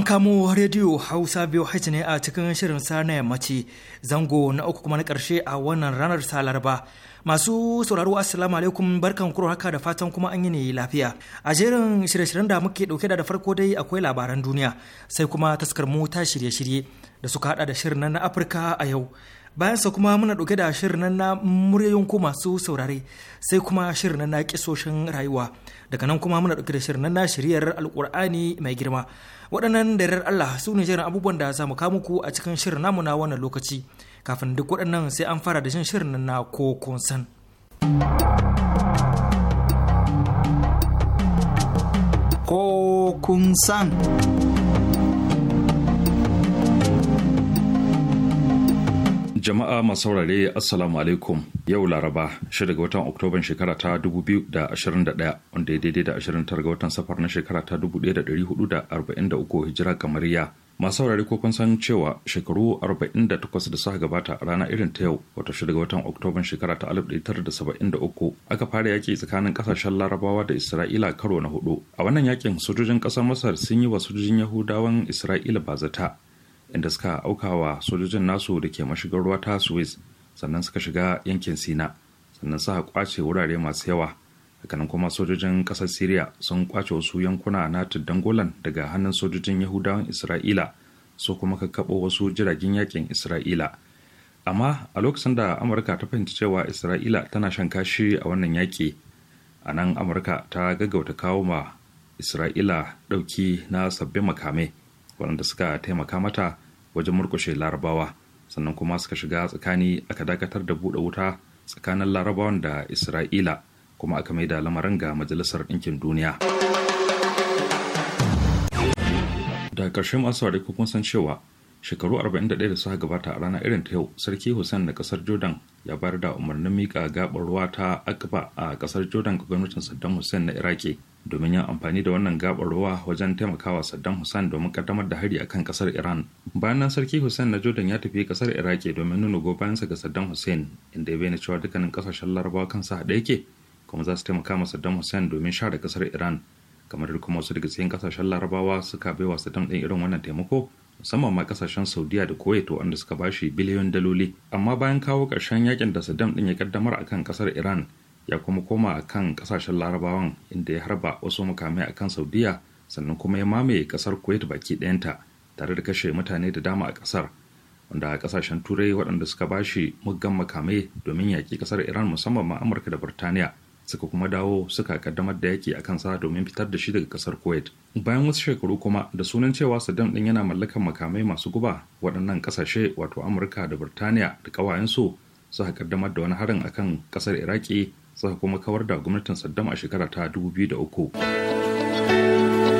An kamo rediyo Hausa biyu haiti ne a cikin shirin sa na yammaci zango na uku kuma na ƙarshe a wannan ranar sa laraba. Masu sauraro assalamu alaikum barkan kuro haka da fatan kuma an yi ne lafiya. A jerin shirye-shiryen da muke ɗauke da da farko dai akwai labaran duniya sai kuma taskar mu ta shirye-shirye da suka hada da shirin na Afirka a yau. Bayan sa kuma muna ɗauke da shirin na muryoyin ku masu saurare sai kuma shirin na kisoshin rayuwa daga nan kuma muna ɗauke da shirin na shiryar al'kur'ani mai girma. waɗannan da Allah su ne jerin abubuwan da za mu kawo muku a cikin shirin namu na wannan lokaci kafin duk waɗannan sai an fara da shin shirin na ko san. ko kun san Jama'a masu saurare Assalamu alaikum yau Laraba shida ga watan Oktoban shekara ta 2021 wanda ya daidai da 29 ga watan safar na shekara ta 1443 hijira kamariya. Masu saurare ko kun san cewa shekaru 48 da suka gabata a rana irin ta yau wata shida ga watan Oktoban shekara ta 1973 aka fara yaki tsakanin kasashen Larabawa da Isra'ila karo na hudu. A wannan yakin sojojin kasar Masar sun yi wa sojojin Yahudawan Isra'ila bazata. inda suka aukawa sojojin nasu da ke mashigar ruwa ta suez sannan suka shiga yankin sina sannan suka kwace wurare masu yawa hakanan kuma sojojin kasar syria sun kwace wasu yankuna na tuddan golan daga hannun sojojin yahudawan isra'ila su kuma kakkaɓo wasu jiragen yakin isra'ila amma a lokacin da amurka ta fahimci cewa isra'ila tana shan kashi a wannan yaƙi a nan amurka ta gaggauta kawo ma isra'ila ɗauki na sabbin makamai waɗanda suka taimaka mata wajen murkushe larabawa sannan kuma suka shiga tsakani aka dakatar da buɗe wuta tsakanin larabawan da isra'ila kuma aka mai da lamarin ga majalisar ɗinkin duniya da ƙarshen masu ko kun san cewa shekaru 41 da suka gabata a rana irin ta yau sarki hussein na kasar jordan ya bayar da umarnin mika gabar ruwa ta akaba a kasar jordan ga gwamnatin saddam hussein na iraki domin yin amfani da wannan gabar ruwa wajen taimakawa saddam hussein domin kaddamar da hari akan kasar iran bayan nan sarki hussein na jordan ya tafi kasar iraki domin nuna gobayansa ga saddam hussein inda ya bayyana cewa dukkanin kasashen larabawa kansa haɗe yake kuma za su taimaka ma saddam hussein domin share kasar iran kamar kuma wasu daga cikin kasashen larabawa suka baiwa saddam ɗin irin wannan taimako musamman ma kasashen saudiya da kuwait wanda suka bashi biliyon daloli amma bayan kawo karshen yakin da saddam din ya kaddamar a kan kasar iran ya kuma koma a kan kasashen larabawan inda ya harba wasu mukamai a kan saudiya sannan kuma ya mamaye kasar kuwait baki ɗayanta tare da kashe mutane da dama a kasar wanda a kasashen turai waɗanda suka bashi muggan makamai domin yaƙi kasar iran musamman ma amurka da burtaniya suka kuma dawo suka kaddamar da yaki akan sa domin fitar da shi daga kasar kuwait bayan wasu shekaru kuma da sunan cewa saddam din yana mallakan makamai masu guba waɗannan ƙasashe wato amurka da birtaniya da su suka kaddamar da wani harin akan ƙasar iraki suka kuma kawar da gwamnatin saddam a shekara ta 2003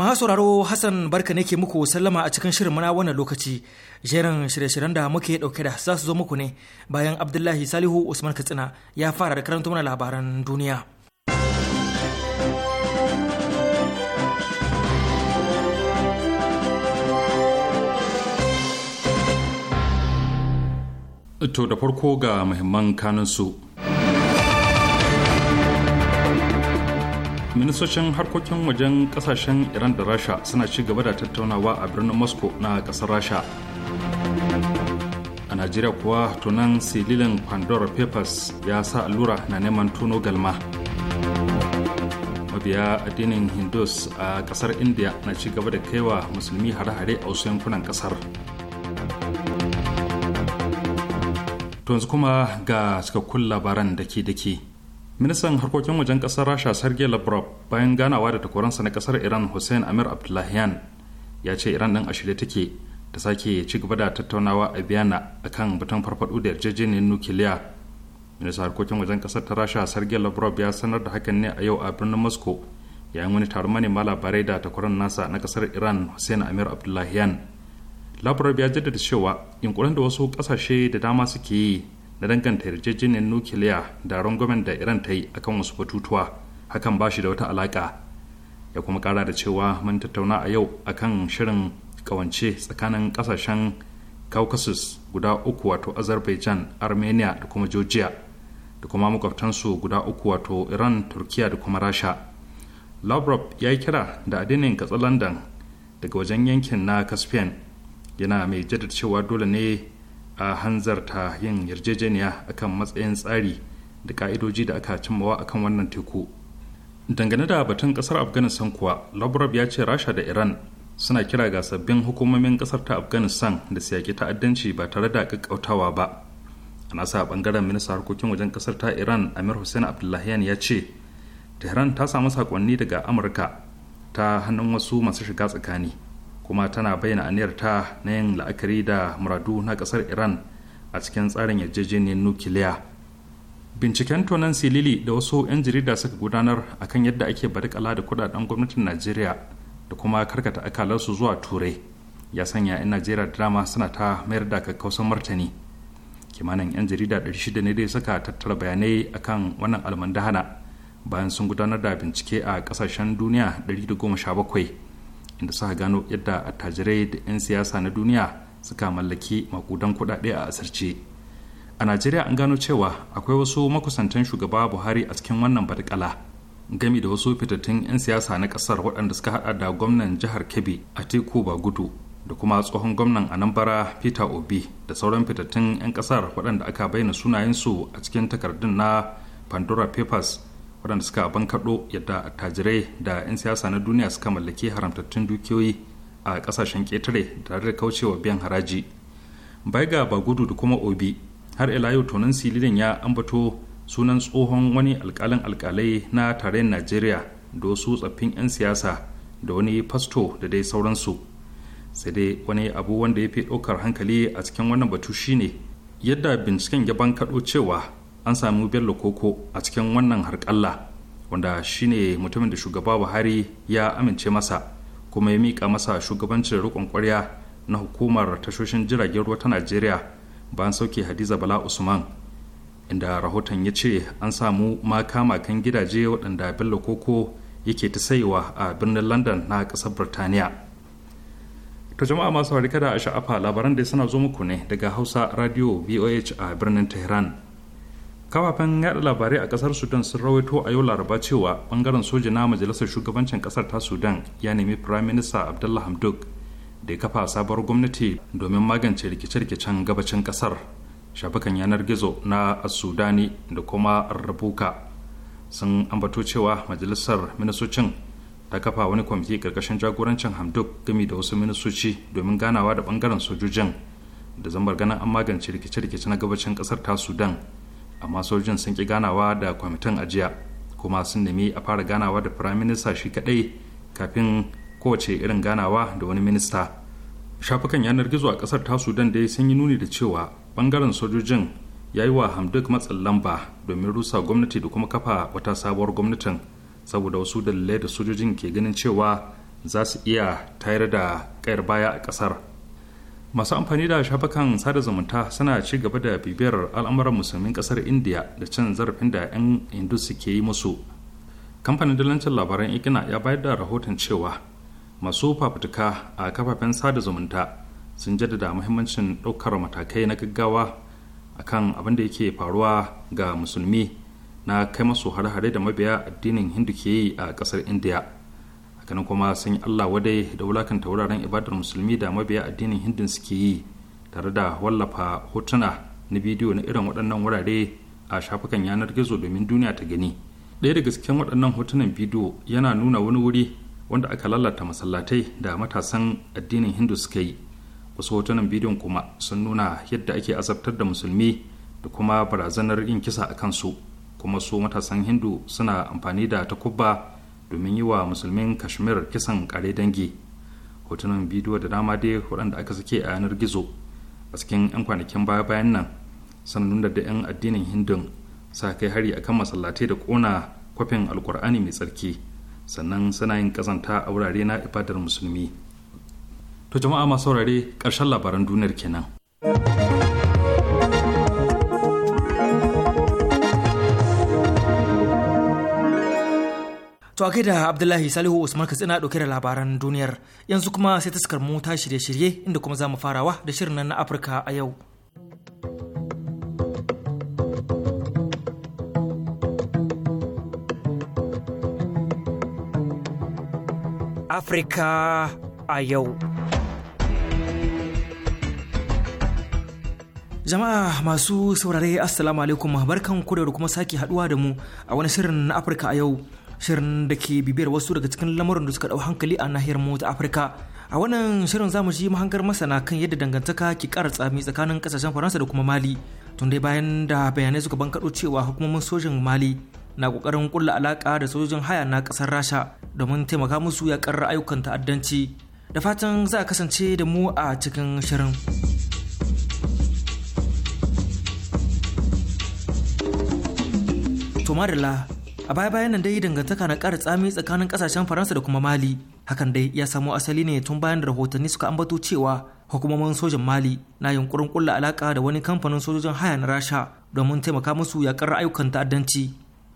Maha sauraro Hassan barka ne ke muku sallama a cikin shirin mana wannan lokaci. Jerin shirye-shiryen da muke dauke da za su zo muku ne bayan Abdullahi Salihu Usman Katsina ya fara da karanta mana labaran duniya. To da farko ga muhimman kanunsu. ministocin harkokin wajen kasashen iran da rasha suna ci gaba da tattaunawa a birnin moscow na kasar rasha a najeriya kuwa tunan sililin pandora papers ya sa allura na neman tuno galma mabiya addinin hindus a kasar india na ci gaba da kaiwa musulmi hare-hare a wasu yankunan kasar yanzu kuma ga cikakkun labaran dake-dake ministan harkokin wajen kasar rasha sergei lavrov bayan ganawa da takwaransa na kasar iran hussein amir abdullahian ya ce iran din a shirye take da sake ci gaba da tattaunawa a biyana akan batun farfaɗo da yarjejeniyar nukiliya ministan harkokin wajen kasar ta rasha sergei lavrov ya sanar da hakan ne a yau a birnin moscow yayin wani taron manema labarai da takwaran nasa na kasar iran hussein amir abdullahian lavrov ya jaddada cewa yunkurin da wasu kasashe da dama suke yi na danganta yarjejeniyar nukiliya da rangwamen da iran ta yi akan wasu batutuwa hakan ba shi da wata alaƙa ya kuma kara da cewa mun tattauna a yau akan shirin kawance tsakanin kasashen caucasus guda uku wato azerbaijan armenia da kuma georgia da kuma makwabtansu guda uku wato iran turkiya da kuma rasha lavrov ya yi kira da adinin katsa london daga wajen yankin na caspian yana mai jaddada cewa dole ne a hanzarta yin yarjejeniya akan matsayin tsari da ka'idoji da aka cimmawa akan wannan teku dangane da batun kasar afghanistan kuwa lavrov ya ce rasha da iran suna kira ga sabbin hukumomin kasar ta afghanistan da su yaƙi ta'addanci ba tare da kakkautawa ba a nasa bangaren minista harkokin wajen kasar ta iran amir hussein abdullahian ya ce tehran ta samu sakonni daga amurka ta hannun wasu masu shiga tsakani kuma tana bayyana aniyar ta na yin la'akari da muradu na kasar iran a cikin tsarin yarjejeniyar nukiliya binciken tonan silili da wasu 'yan jarida suka gudanar akan yadda ake barikala da kudaden gwamnatin najeriya da kuma karkata akalarsu zuwa turai ya sanya 'yan najeriya dama suna ta mayar da kakkausan martani kimanin 'yan jarida 600 ne dai suka tattara bayanai akan wannan almandahana bayan sun gudanar da bincike a kasashen duniya 117 inda suka gano yadda attajirai da 'yan siyasa na duniya suka mallaki makudan kuɗaɗe a asirce a najeriya an gano cewa akwai wasu makusantan shugaba buhari a cikin wannan barkala gami da wasu fitattun 'yan siyasa na kasar waɗanda suka haɗa da gwamnan jihar kebbi a teku gudu da kuma tsohon gwamnan anambra peter obi da sauran fitattun 'yan kasar waɗanda aka bayyana sunayensu a cikin takardun na pandora papers waɗanda suka kaɗo yadda attajirai da 'yan siyasa na duniya suka mallaki haramtattun dukiyoyi a ƙasashen ƙetare tare da kaucewa biyan haraji bai ga bagudu da kuma obi har ila yau tonin sililin ya ambato sunan tsohon wani alƙalin alƙalai na tarayyar najeriya da wasu tsaffin 'yan siyasa da wani fasto da dai sauransu sai dai wani abu wanda ya fi ɗaukar hankali a cikin wannan batu shine yadda binciken ya ban kaɗo cewa an samu bello koko a cikin wannan harƙalla wanda shine mutumin da shugaba buhari ya amince masa kuma ya mika masa shugabancin riƙon ƙwarya na hukumar tashoshin jiragen ruwa ta najeriya bayan sauke hadiza bala usman inda rahoton ya ce an samu maka-makan gidaje waɗanda bello koko yake ta saiwa a birnin london na ƙasar birtaniya ta jama'a masu harika da a sha'afa labaran da suna zo muku ne daga hausa radio voh a birnin tehran kafafen yada labarai a kasar sudan sun rawaito a yau laraba cewa bangaren soja na majalisar shugabancin kasar ta sudan ya nemi prime minister abdullah hamdok da ya kafa sabuwar gwamnati domin magance rikice-rikicen gabacin kasar shafukan yanar gizo na sudani da kuma rabuka sun ambato cewa majalisar ministocin ta kafa wani kwamiti karkashin jagorancin hamdok gami da wasu ministoci domin ganawa da bangaren sojojin da zambar ganin an magance rikice-rikice na gabacin kasar ta sudan amma sojin sun ki ganawa da kwamitin ajiya kuma sun nemi a fara ganawa da firayim minista shi kadai kafin kowace irin ganawa da wani minista shafukan yanar gizo a kasar ta sudan dai sun yi nuni da cewa bangaren sojojin ya yi wa hamduk matsin lamba domin rusa gwamnati da kuma kafa wata sabuwar gwamnatin saboda wasu dalilai da sojojin ke ganin cewa za su iya tayar da kayar baya a kasar masu amfani da shafukan sada zumunta suna ci gaba da bibiyar al'amuran musulmin kasar indiya da cin zarafin da 'yan hindu suke yi musu kamfanin dalancin labaran ikina ya bayar da rahoton cewa masu fafutuka a kafafen sada zumunta sun jaddada muhimmancin ɗaukar matakai na gaggawa a kan abin da yake faruwa ga musulmi na kai masu hare-hare da mabiya addinin hindu ke yi a kasar indiya. hakanan kuma sun yi allah wadai da wulakanta wuraren ibadar musulmi da mabiya addinin hindun suke yi tare da wallafa hotuna na bidiyo na irin waɗannan wurare a shafukan yanar gizo domin duniya ta gani ɗaya daga cikin waɗannan hotunan bidiyo yana nuna wani wuri wanda aka lalata masallatai da matasan addinin hindu suka yi wasu hotunan bidiyon kuma sun nuna yadda ake azabtar da musulmi da kuma barazanar yin kisa a kansu kuma su matasan hindu suna amfani da takubba domin yi wa musulmin kashmir kisan kare dangi hotunan bidiyo da dama dai waɗanda aka sake a yanar gizo a cikin 'yan kwanakin baya bayan nan sanannun da 'yan addinin hindun sa kai hari akan masallatai da ƙona kwafin alkur'ani mai tsarki sannan suna yin kazanta a wurare na ibadar musulmi to jama'a masu saurare karshen labaran duniyar kenan. To a da Abdullahi Salihu Usman Katsina dauke da labaran duniyar yanzu kuma sai taskar mu ta shirye-shirye inda kuma za mu farawa da shirin nan na Afirka a yau. Afirka a yau. Jama'a masu saurare Assalamu alaikum barkan ku da kuma sake haduwa da mu a wani shirin na Afirka a yau. shirin da ke bibiyar wasu daga cikin lamurin da suka dau hankali a nahiyar mu ta Afirka. A wannan shirin zamu ji mahangar masana kan yadda dangantaka ke kara tsami tsakanin ƙasashen Faransa da kuma Mali. Tun dai bayan da bayanai suka bankaɗo cewa hukumomin sojin Mali na ƙoƙarin ƙulla alaƙa da sojojin haya na ƙasar Rasha domin taimaka musu ya ƙarra ayyukan ta'addanci. Da fatan za a kasance da mu a cikin shirin. To a baya bayan nan dai dangantaka na ƙara tsami tsakanin ƙasashen faransa da kuma mali hakan dai ya samo asali ne tun bayan da rahotanni suka ambato cewa hukumomin sojan mali na yunkurin kulla alaka da wani kamfanin sojojin haya na rasha domin taimaka musu yakar ayyukan ta'addanci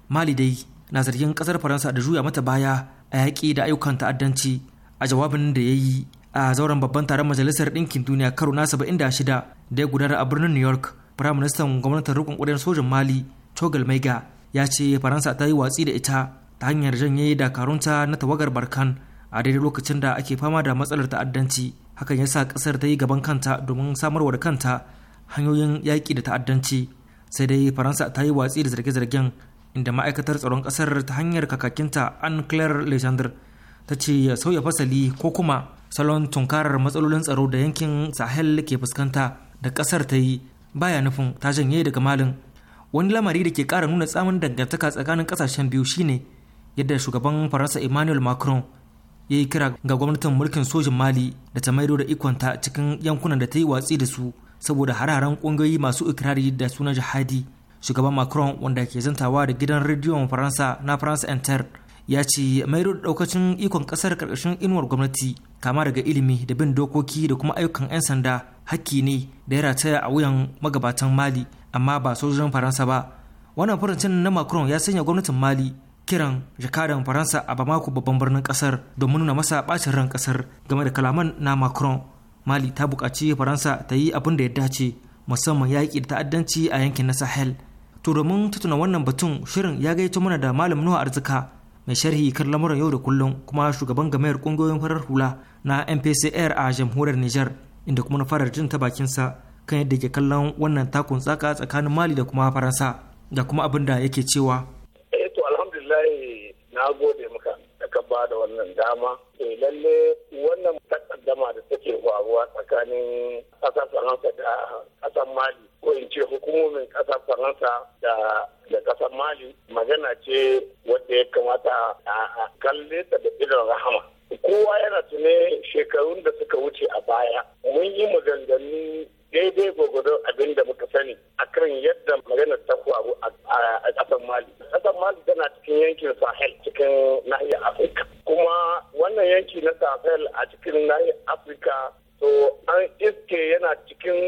mali dai na zargin kasar faransa da juya mata baya a yaƙi da ayyukan ta'addanci a jawabin da ya yi a zauren babban taron majalisar ɗinkin duniya karo na saba'in da shida da ya gudana a birnin new york firaministan gwamnatin rikon ƙudan sojan mali togal maiga ya ce faransa ta yi watsi da ita ta hanyar janye dakarunta na tawagar barkan a daidai lokacin da ake fama da matsalar ta'addanci hakan ya sa ƙasar ta yi gaban kanta domin samarwa da kanta hanyoyin yaƙi da ta'addanci sai dai faransa ta yi watsi da zarge-zargen inda ma'aikatar tsaron ƙasar ta hanyar kakakinta anne claire legendre ta ce ya sauya fasali ko kuma salon tunkarar matsalolin tsaro da yankin sahel ke fuskanta da ƙasar ta yi baya nufin ta janye daga malin wani lamari da ke kara nuna tsamin dangantaka tsakanin kasashen biyu shine yadda shugaban faransa emmanuel macron ya yi kira ga gwamnatin mulkin sojin mali da ta maido da ikonta cikin yankunan da ta yi watsi da su saboda hararen kungiyoyi masu ikirari da suna jihadi shugaban macron wanda ke zantawa da gidan rediyon faransa na france inter ya ce maido da daukacin ikon kasar karkashin inuwar gwamnati kama daga ilimi da bin dokoki da kuma ayyukan 'yan sanda hakki ne da ya rataya a wuyan magabatan mali amma ba sojojin faransa ba wannan farancin na macron ya sanya gwamnatin mali kiran jakadan faransa a bamako babban birnin kasar domin nuna masa bacin ran kasar game da kalaman na macron mali ta bukaci faransa ta yi abin da ya dace musamman yaƙi da ta'addanci a yankin na sahel to domin tattuna wannan batun shirin ya gaito mana da malam nuhu arzika mai sharhi kan lamuran yau da kullum kuma shugaban gamayar kungiyoyin farar hula na mpcr a jamhuriyar niger inda kuma na fara jin ta bakinsa kan yadda ke kallon wannan takun tsaka tsakanin mali da kuma faransa da kuma abin da yake cewa eh to na gode maka da ka ba da wannan dama eh lalle wannan takaddama da take faruwa tsakanin kasar faransa da kasar mali ko in ce hukumomin kasar faransa da da kasar mali magana ce wadda ya kamata a kalle ta da idan rahama kowa yana tune shekarun da suka wuce a baya mun yi maganganu daidai gwagwado abin da muka sani a kan yadda maganar ta faru a ƙasar mali ƙasar mali tana cikin yankin sahel cikin nahiyar afirka kuma wannan yanki na sahel a cikin nahiyar afirka to an iske yana cikin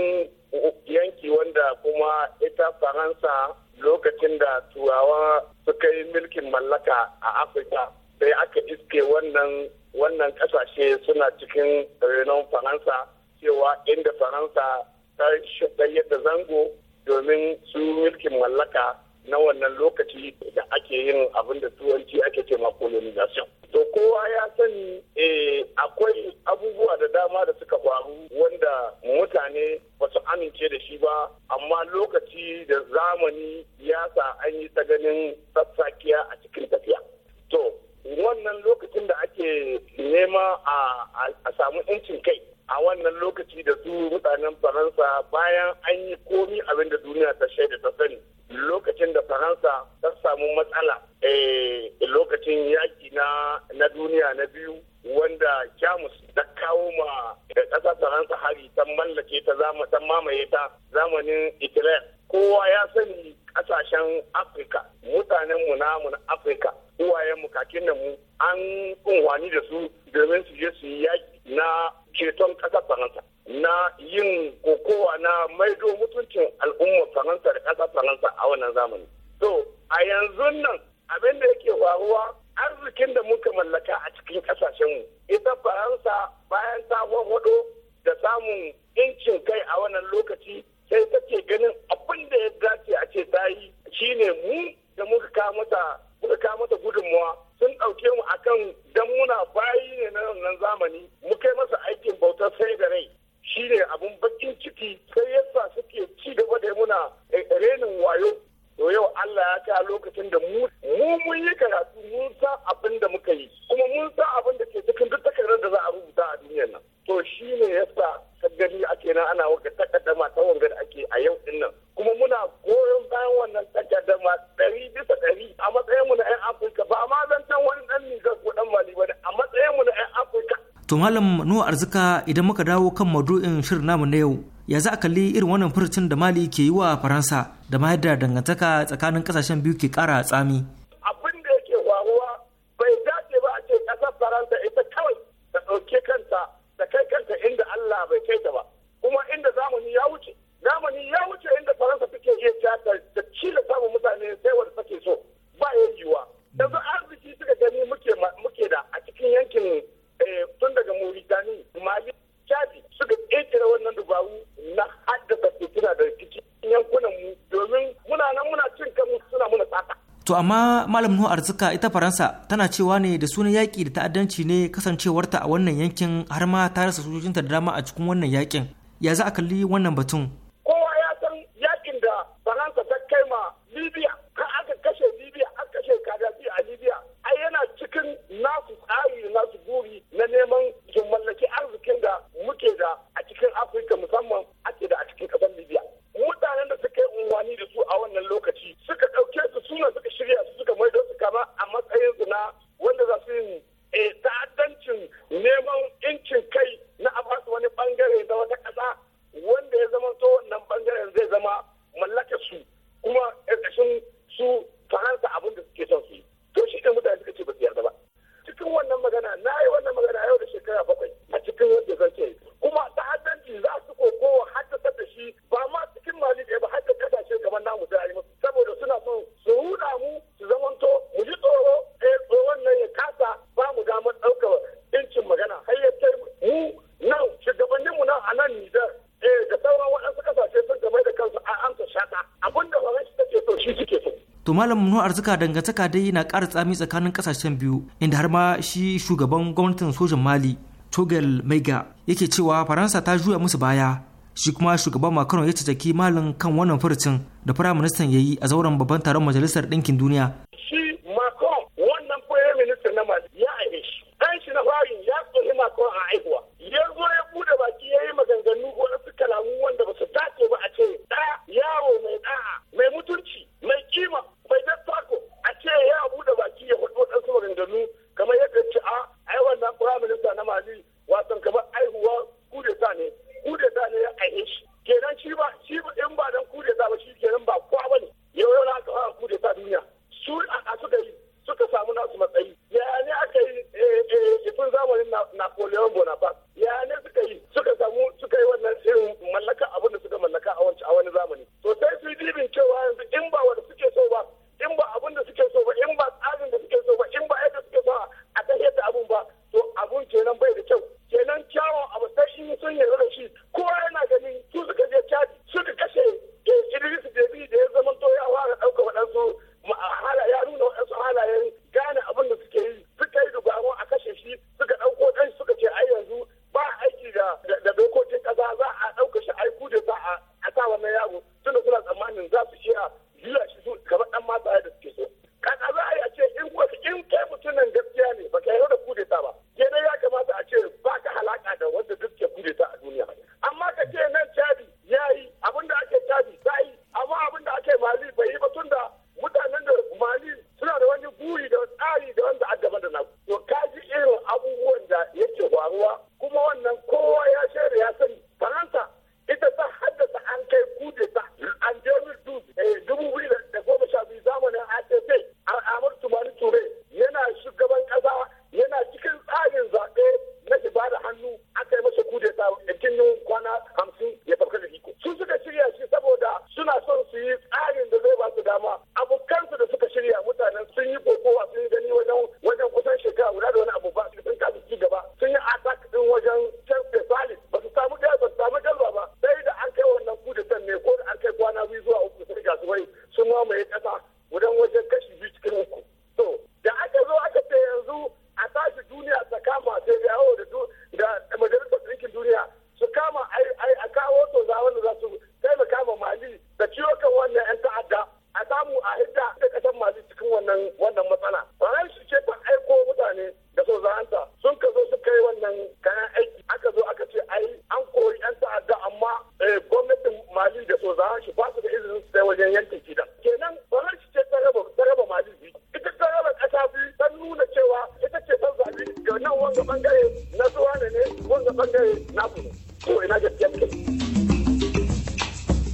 yanki wanda kuma ita faransa lokacin da turawa suka yi mulkin mallaka a afirka sai aka iske wannan wannan kasashe suna cikin reno zango mu da muka kawo mata muka kawo mata gudunmuwa sun ɗauke mu akan dan muna bayi ne na wannan zamani mu kai masa aikin bautar sai da rai shine abun bakin ciki sai yasa suke ci gaba da muna eh, renin wayo to yau Allah ya kawo lokacin da mu mun yi karatu mun san abin da muka yi kuma mun san abin da ke cikin duk takardar da za a rubuta a duniyar nan to shine yasa gani a kenan ana wanga takaddama ta wanga ake a yau din nan kuma muna goyon bayan wannan takaddama ɗari bisa ɗari a matsayinmu na 'yan afirka ba ma zancen wani ɗan nigar ko ɗan mali ba ne a matsayinmu na 'yan afirka. to malam nuwa arzika idan muka dawo kan maudu'in shirin namu na yau ya za a kalli irin wannan furucin da mali ke yi wa faransa da ma yadda dangantaka tsakanin kasashen biyu ke kara tsami. abin da yake faruwa bai dace ba a ce kasar faransa ita kawai ta ɗauke kanta kai kanta inda Allah bai kai ta ba kuma inda zamani ya wuce zamani ya wuce inda faransa take iya tata da cile samun mutane sai wanda take so ba ya yiwuwa yanzu arziki suka gani muke da a cikin yankin eh, tun daga Mauritani Mali Chadi suka ƙetare wannan dubaru na haddasa tituna da cikin yankunan mu domin muna nan muna cin kanmu suna muna tsaka To amma Malam Nuhu Arzika ita Faransa tana cewa ne da sunan yaƙi da ta'addanci ne kasancewarta a wannan yankin har ma ta rasa sojojinta da dama a cikin wannan yaƙin. Ya za a kalli wannan batun? Kowa ya san yaƙin da Faransa ta kai ma Libya, ka aka kashe Libya, aka kashe Kadafi a Libya. Ai yana cikin nasu tsari da nasu buri na neman su mallaki arzikin da muke da a cikin Afirka musamman ake da a cikin ƙasar Libya. wani da su a wannan lokaci suka ɗauke su suna suka shirya su suka maido su kama a matsayin su na wanda za su yi eh, ta'addancin neman incin kai malam nuna arzika dangantaka dai na kara tsami tsakanin ƙasashen biyu inda har ma shi shugaban gwamnatin sojan mali togel maiga yake cewa faransa ta juya musu baya shi kuma shugaban macron ya cacaki malin kan wannan furucin da firaministan ya yi a zauren babban taron majalisar ɗinkin duniya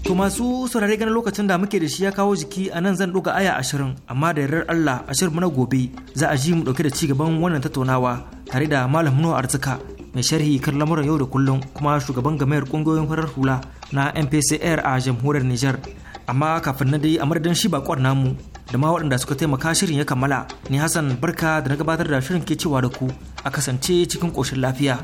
To masu saurare ganin lokacin da muke da shi ya kawo jiki a nan zan ɗuga aya ashirin amma da yarar Allah ashirin na gobe za a ji mu ɗauke da ci gaban wannan tattaunawa tare da Malam Nuwa Arzika mai sharhi kan lamuran yau da kullum kuma shugaban gamayar ƙungiyoyin farar hula na MPCR a jamhuriyar Nijar. Amma kafin na dai a madadin shi bakwar namu da ma waɗanda suka taimaka shirin ya kammala ni Hassan Barka da na gabatar da shirin ke cewa da ku a kasance cikin ƙoshin lafiya.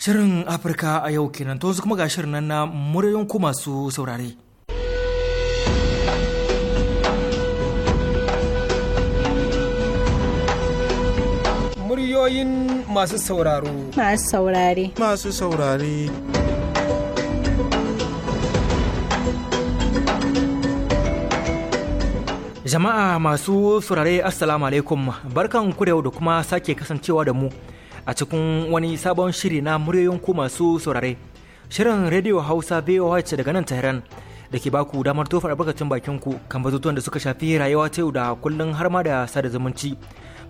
Shirin Afirka a yau kenan to yanzu kuma ga shirin nan na muryoyin ku masu saurare. Muryoyin masu sauraro. Masu saurare. Masu saurare. Jama'a masu saurare Assalamu alaikum barkan ku da yau da kuma sake kasancewa da mu. a cikin wani sabon shiri na muryoyin ku masu saurare. Shirin rediyo Hausa VOH daga nan Tehran da ke baku damar tofa albarkacin bakin ku kan batutuwan da suka shafi rayuwa ta yau da kullun har ma da sada zumunci.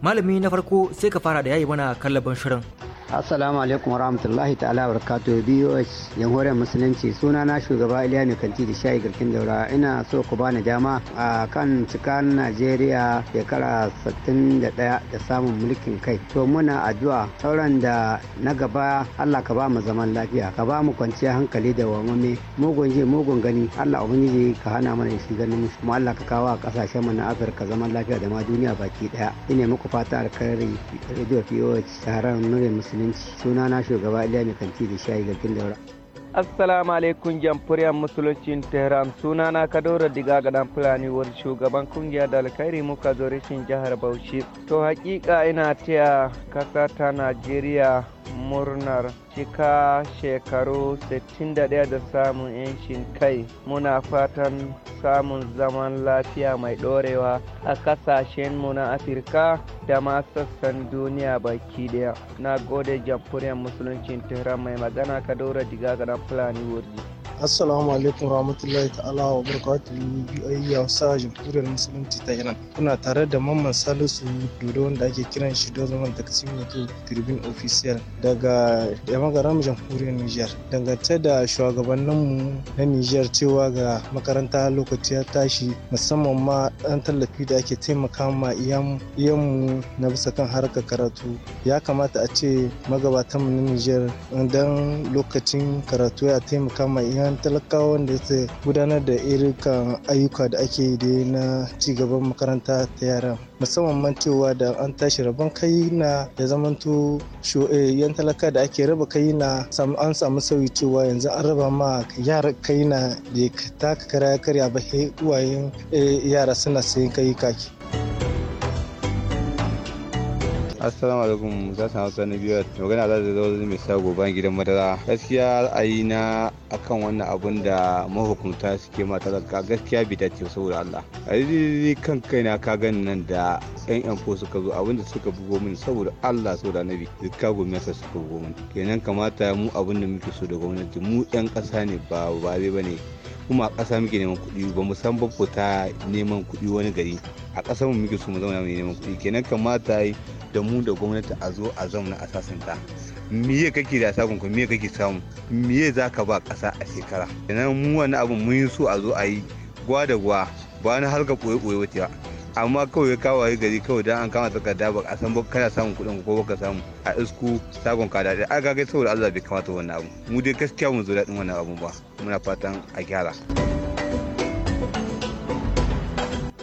Malami na farko sai ka fara da yayi mana kallabin shirin. assalamu alaikum warahmatullahi ta'ala barakatu boh jamhuriyar musulunci suna na shugaba iliya mai kanti da shayi garkin daura ina so ku bani dama a kan cikar najeriya shekara 61 da samun mulkin kai to muna addu'a sauran da na gaba allah ka ba mu zaman lafiya ka ba mu kwanciyar hankali da wamame mugun ji mugun gani allah ubangiji ka hana mana shi ganin mu kuma allah ka kawo kasashen mu na afirka zaman lafiya da ma duniya baki daya ina muku fata alkhairi radio boh taron nure musulunci musulunci na shugaba iliya mai kanti da shayi kin daura assalamu alaikum jamfuriyar musuluncin tehran suna na kadora diga gadan fulani wani shugaban kungiyar da alkhairi muka zo rashin jihar bauchi to hakika ina taya kasa ta najeriya murnar cika shekaru 61 da samun 'yancin kai muna fatan samun zaman lafiya mai ɗorewa a ƙasashenmu na afirka da ma sassan duniya baki daya na gode jamhuriyar musuluncin tehran mai magana kadora diga ga fulani wurji assalamu alaikum rahmatullahi ta'ala wa barakatu biyayya wasa jamhuriyar musulunci ta iran kuna tare da mamman salisu dodo wanda ake kiran shi da zaman taksim yake tribune official daga yamagaram jamhuriyar niger dangance da shugabanninmu na niger cewa ga makaranta lokaci ya tashi musamman ma dan tallafi da ake taimaka ma iyanmu na bisa kan harkar karatu ya kamata a ce magabatanmu na niger dan lokacin karatu ya taimaka ma iyan sunan talakawan wanda ya gudanar da irin ayyuka da ake yi na cigaban makaranta ta yara musamman cewa da an tashi rabon kai na ya zamanto eh, yan talaka da ake raba kai na an samu sauyi cewa yanzu an raba ma yara kai na da ta karya karya ba uwayen eh, yara suna sayan kai kaki assalamu alaikum su hausa na biyar magana za ta zaune mai sa goban gidan madara gaskiya ra'ayi na akan wannan abun da mahukunta suke matalaka gaskiya bi dace saboda Allah a yi kan kaina ka gani nan da yan yan fo suka zo abinda suka bugo min saboda Allah saboda nabi zikka gwamnati suka bugo min kenan kamata mu abinda muke so da gwamnati mu yan kasa ne ba ba ne kuma a ƙasa muke neman kuɗi ba mu san babu ta neman kuɗi wani gari a ƙasa mu muke so mu zauna mu neman kuɗi kenan kamata da mu da gwamnati a zo a zauna a sasanta miye kake da sakon miye kake samu miye za ka ba ƙasa a shekara kenan mu wani abu mun so a zo a yi gwa da gwa ba na harka ɓoye-ɓoye wata amma kawai kawaye gari kawai dan an kama takarda ba a san kana samun kuɗin ko baka samu a isku sagon ka daɗi aka ga saboda Allah bai kamata wannan abu mu dai gaskiya mun zo daɗin wannan abu ba muna fatan a gyara.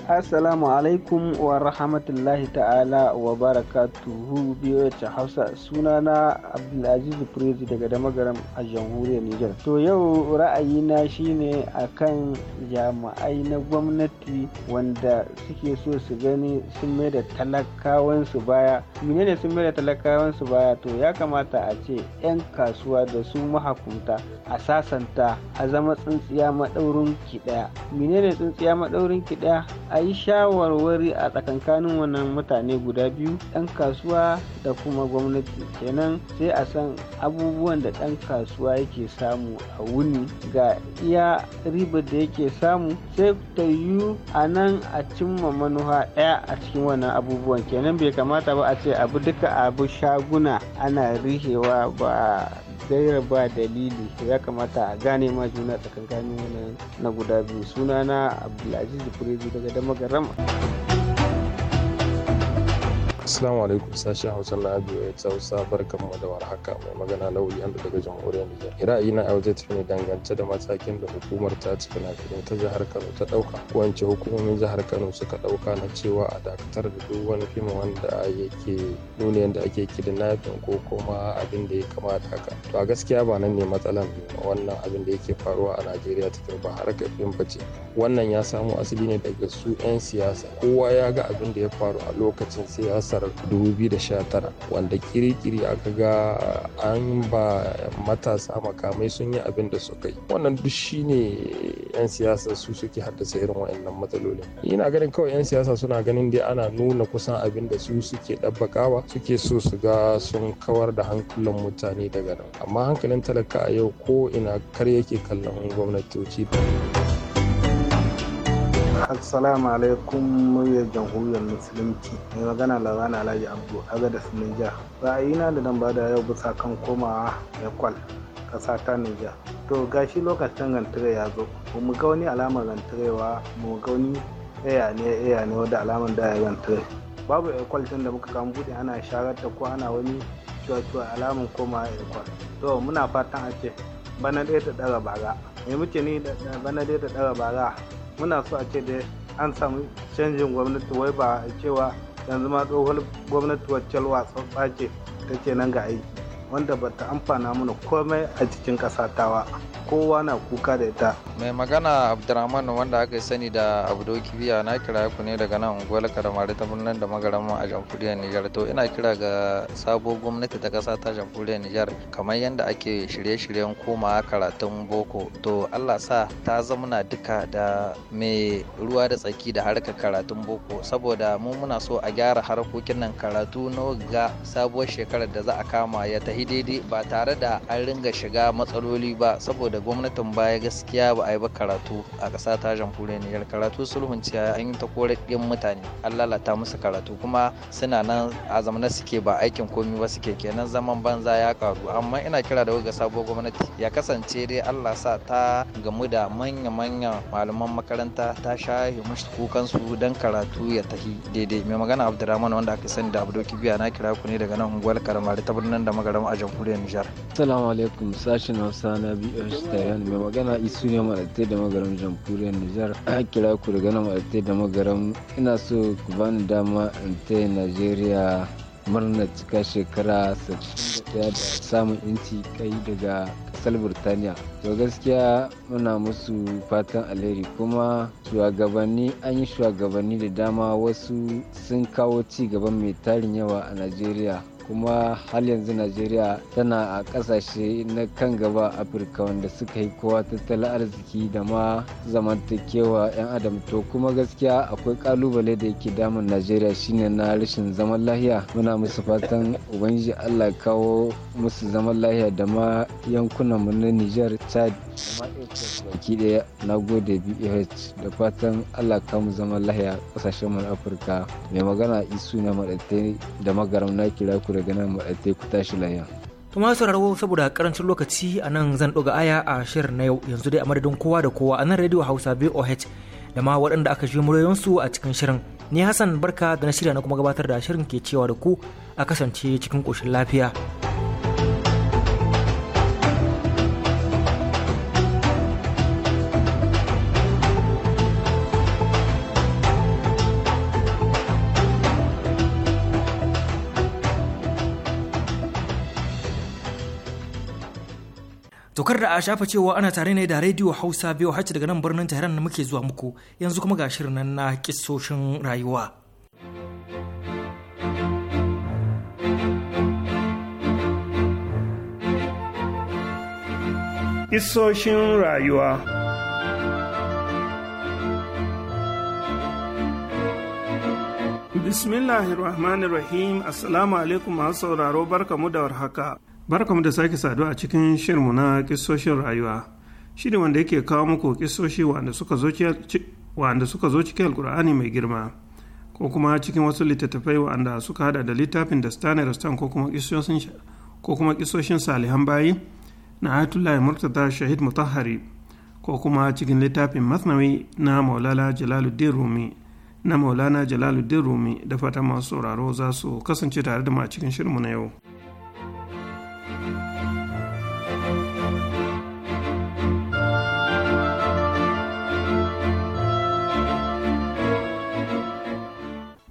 Assalamu alaikum wa rahmatullahi ta'ala wa barakatuhu biyo ta Hausa sunana Abdulaziz Prezi daga Damagaram a jamhuriyar Nijar. To yau ra'ayina shine akan jami'ai na gwamnati wanda suke so su gani sun mai da talakawansu baya. Menene sun mai da talakawansu baya to ya kamata a ce 'yan kasuwa da su mahakunta a sasanta a zama tsintsiya maɗaurin ki ɗaya. Menene tsintsiya maɗaurin ki ɗaya? a yi shawarwari a tsakankanin wannan mutane guda biyu ɗan kasuwa da kuma gwamnati kenan sai a san abubuwan da ɗan kasuwa yake samu a wuni ga iya ribar da yake samu sai ta yi a nan a cimma manuha ɗaya a cikin wannan abubuwan kenan bai kamata ba a ce abu duka abu shaguna ana rihewa ba gaira ba dalili ya kamata a gane ma juna tsakankanin na guda biyu sunana abdulaziz firezi daga garama Assalamu alaikum sashi Hausa na Abiyo ya tsausa barkan mu da warhaka mai magana Lauri Ando daga jamhuriyar Nijar. Ra'ayi na yau zai tafi dangance da matakin da hukumar ta cika na ta jihar Kano ta ɗauka. ko wance hukumomin jihar Kano suka dauka na cewa a dakatar da duk wani fim wanda yake nuna yadda ake kidnapping ko kuma abin da ya kamata haka. To a gaskiya ba nan ne matsalan wannan abin da yake faruwa a Najeriya take ba harkar fim bace. Wannan ya samo asali ne daga su 'yan siyasa. Kowa ya ga abin da ya faru a lokacin siyasa shekarar 2019 wanda kirikiri aka ga an ba matasa makamai sun yi abin da suka yi wannan duk shine 'yan siyasa su suke haddasa irin wa'annan matsalolin ina ganin kawai 'yan siyasa suna ganin dai ana nuna kusan abin da su suke ɗabbakawa suke so su ga sun kawar da hankulan mutane daga nan amma hankalin talaka a yau ko ina kar yake kallon gwamnatoci da assalamu alaikum muryar jamhuriyar musulunci mai magana laurana alhaji abdu aga da sinija na da ba bada yau bisa kan komawa nepal ƙasa ta nija To gashi lokacin rantare ya zo, ba mu ga wani alamar rantarewa, ba mu ga wani eya ne eya ne wanda alamar da ya rantare. Babu ekwal tun da muka kama bude ana sharar ta ko ana wani cuwa-cuwa alamar komawa ekwal. To muna fatan a ce bana ɗaya ta ɗara bara. Me muke ni bana ɗaya ta ɗara bara muna so a ce da an samu canjin gwamnati wai ba cewa yanzu ma tsohon gwamnati wacce wasan ce take nan ga aiki wanda ba ta amfana mana komai a cikin ƙasa tawa kowa na kuka da ita mai magana abdurrahman wanda aka sani da abdo kibiya na kira ku ne daga nan unguwar karamare ta birnin da magarama a jamhuriyar nijar to ina kira ga sabo gwamnati ta ƙasa ta jamhuriyar nijar kamar yadda ake shirye-shiryen koma karatun boko to allah sa ta zamana duka da mai ruwa da tsaki da harkar karatun boko saboda mu muna so a gyara harkokin nan karatu na ga sabuwar shekarar da za a kama ya ta tahi daidai ba tare da an ringa shiga matsaloli ba saboda gwamnatin baya gaskiya ba a yi ba karatu a ƙasa ta jamhuriyar nijar karatu sulhun ciya an yi ta korafin mutane an lalata musu karatu kuma suna nan a zamanar suke ba aikin komi ba suke kenan zaman banza ya karu amma ina kira da ga sabuwar gwamnati ya kasance dai allah sa ta gamu da manya-manyan malaman makaranta ta sha musu kukansu don karatu ya tafi daidai mai magana abdurrahman wanda aka sani da abdoki biya na kira ku ne daga nan unguwar karamari ta birnin da magarama magaram a jamhuriyar Nijar. Assalamu alaikum sashen Hausa na BH Tayan mai magana isu ne maɗatte da magaram jamhuriyar Nijar. A kira ku daga nan maɗatte da magaram ina so ku bani dama in ta Najeriya murnar cika shekara 61 da samun inci kai daga kasar burtaniya to gaskiya muna musu fatan alheri kuma shugabanni an yi shugabanni da dama wasu sun kawo ci gaba mai tarin yawa a najeriya kuma har yanzu najeriya tana a kasashe na kan gaba afirka wanda suka yi kowa tattalin arziki da ma zamantakewa 'yan adam to kuma gaskiya akwai kalubale da yake damun najeriya shine na rashin zaman lahiya muna musu fatan ubangiji allah kawo musu zaman lahiya da ma yankunan mu na niger chad da daya na gode bh da fatan allah kamu zaman lahiya kasashen mu na afirka mai magana isu na maɗatai da magaram na kira ku daga nan maɗatai ku tashi layan. sauraro saboda karancin lokaci a nan zan ɗoga aya a shirin na yau yanzu dai a madadin kowa da kowa a nan rediyo Hausa BOH da ma waɗanda aka shi muryoyinsu a cikin shirin. Ni Hassan Barka da na shirya na kuma gabatar da shirin ke cewa da ku a kasance cikin koshin lafiya. Tokar da a shafa cewa ana tare ne da rediyo Hausa biyu hacci daga nan birnin Tehran da muke zuwa muku yanzu kuma ga shirin nan na kissoshin rayuwa. Kissoshin rayuwa Bismillahirrahmanirrahim Assalamu alaikum masu sauraro barkamu da warhaka barkamu da sake Sadu a cikin shirmu na kisoshin rayuwa shirin wanda yake kawo muku kisoshi wanda suka zo cikin alkur'ani mai girma ko kuma cikin wasu littattafai wanda suka hada da littafin da stanley rastan ko kuma kisoshin salihan bayi na ayatullahi murtada shahid mutahari ko kuma cikin littafin masnawi na maulana jalaluddin rumi na maulana jalaluddin rumi da fata masu sauraro za su kasance tare da ma cikin shirinmu na yau.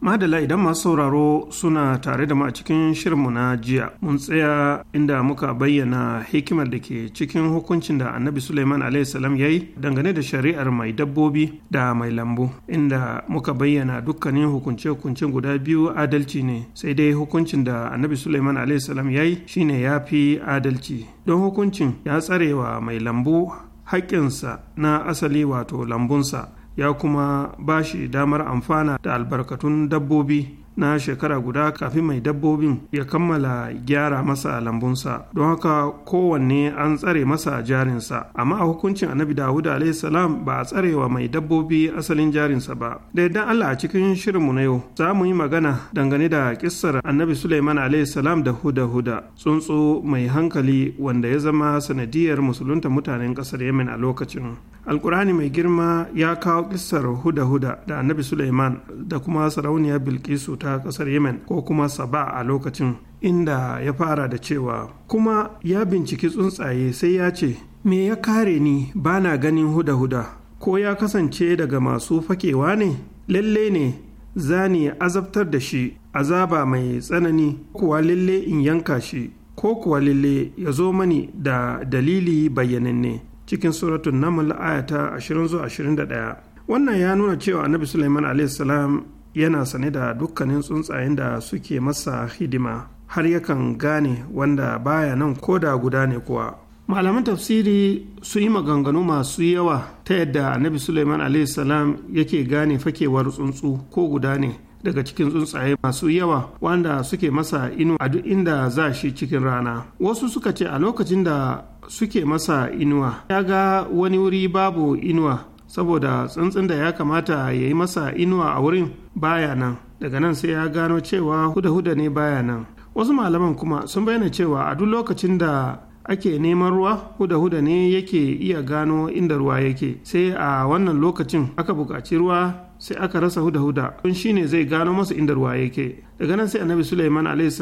Madala idan masu sauraro suna tare da mu a cikin shirinmu na jiya mun tsaya inda muka bayyana hikimar da ke cikin hukuncin da annabi Suleiman salam ya yi dangane da shari'ar mai dabbobi da mai lambu inda muka bayyana dukkanin hukunce-hukuncen guda biyu adalci ne sai dai hukuncin da annabi Suleiman salam ya yi shine ya fi adalci don hukuncin ya tsarewa mai lambu haƙƙinsa na asali wato lambunsa ya kuma ba shi damar amfana da albarkatun dabbobi na shekara guda kafin mai dabbobin ya kammala gyara masa lambunsa don haka kowanne an tsare masa jarinsa amma a hukuncin annabi dawud salam ba a tsarewa mai dabbobi asalin jarinsa ba da yadda allah a cikin shirinmu na yau za mu yi magana dangane da kissar annabi suleiman salam da huda huda tsuntsu mai hankali wanda ya zama sanadiyar musulunta mutanen kasar yemen a lokacin alkurani mai girma ya kawo kissar huda huda da annabi suleiman da kuma sarauniya bilkisu ta kasar yemen ko kuma saba a lokacin inda ya fara da cewa kuma ya binciki tsuntsaye sai ya ce me ya kare ni bana ganin huda-huda ko ya kasance daga masu fakewa ne lalle ne zani azabtar da shi azaba mai tsanani kuwa lalle in yanka shi ko kuwa lalle ya zo mani da dalili bayyananne cikin suratun namal ayata 20 zuwa 21 wannan ya nuna cewa annabi sulaiman alaihissalam yana sane da dukkanin tsuntsayen da suke masa hidima har yakan gane wanda baya nan ko da guda ne kuwa malaman tafsiri su yi maganganu masu yawa ta yadda annabi suleiman salam yake gane fakewar tsuntsu ko guda ne daga cikin tsuntsaye masu yawa wanda suke masa inu a duk inda za shi cikin rana wasu suka ce a lokacin da suke masa inuwa ya ga wani wuri babu inuwa saboda tsuntsun da ya kamata ya yi masa inuwa a wurin baya nan daga nan sai ya gano cewa huda-huda ne baya nan wasu malaman kuma sun bayyana cewa a duk lokacin da ake neman ruwa huda-huda ne yake iya gano inda ruwa yake sai a wannan lokacin aka buƙaci ruwa sai aka rasa huda-huda don shine zai gano masa inda ruwa yake daga nan sai annabi suleiman a.s.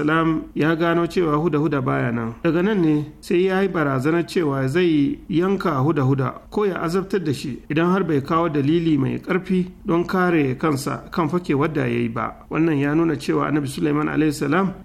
ya gano cewa huda-huda baya nan daga nan ne sai ya yi barazanar cewa zai yanka huda-huda ko ya azabtar da shi idan har bai kawo dalili mai karfi don kare kansa kan fake wadda ya yi ba wannan ya nuna cewa annabi suleiman a.s.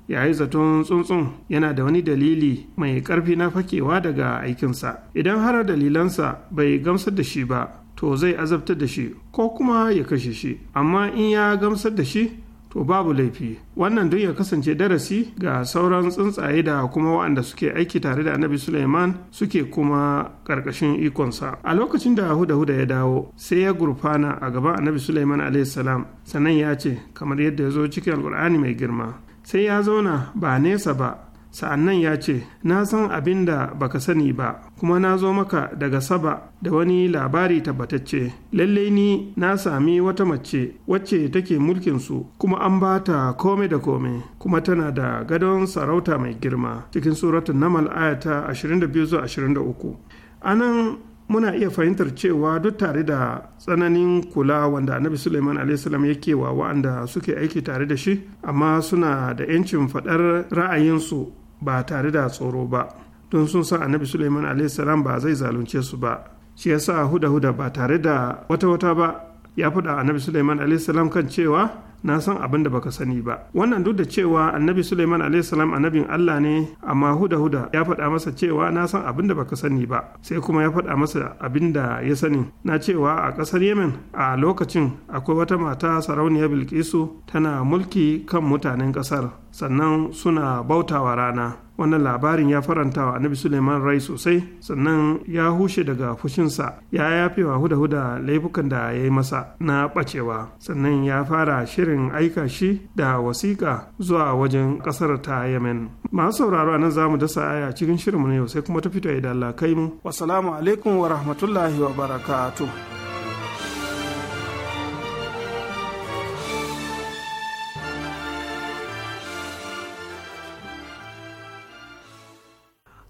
ya yi zaton tsuntsun yana da wani dalili mai karfi na fakewa daga aikinsa idan har dalilansa bai gamsar da shi ba to zai azabtar da shi ko kuma ya kashe shi amma in ya gamsar da shi to babu laifi wannan don ya kasance darasi ga sauran tsuntsaye da kuma waɗanda suke aiki tare da annabi suleiman suke kuma ƙarƙashin ikonsa a lokacin da huda huda ya dawo sai ya gurfana a gaban annabi suleiman salam sannan ya ce kamar yadda ya zo cikin alkur'ani mai girma sai ya zauna ba nesa ba sa'annan ya ce na san abin da baka sani ba kuma na zo maka daga saba da wani labari tabbatacce Lallai ni na sami wata mace wacce take mulkin su kuma an ba ta kome da kome kuma tana da gadon sarauta mai girma cikin suratun namal ayata 22 23 anan muna iya fahimtar cewa duk tare da tsananin kula wanda annabi suleiman alaihissalam yake wa wa'anda suke aiki tare da shi amma suna da 'yancin faɗar ra'ayinsu ba tare da tsoro ba don sun san annabi suleiman a.s. ba zai zalunce su ba shi yasa huda huda ba tare da wata wata ba ya faɗa annabi suleiman a.s. kan cewa na san abin da baka sani ba wannan duk da cewa annabi suleiman alaihissalam annabin allah ne amma huda huda ya faɗa masa cewa na san abin da baka sani ba sai kuma ya faɗa masa abin da ya sani na cewa a ƙasar yemen a lokacin akwai wata mata sarauniya bilkisu tana mulki kan mutanen ƙasar sannan suna bautawa rana wannan labarin ya faranta wa annabi suleiman rai sosai sannan ya hushe daga fushinsa ya yafe wa huda-huda laifukan da ya yi masa na ɓacewa sannan ya fara shirin aika shi da wasiƙa zuwa wajen ƙasar ta yemen masu sauraro a nan za mu dasa aya cikin shirinmu ne sai kuma ta fito idan Allah kai mu wasalamu alaikum wa rahmatullahi wa barakatuh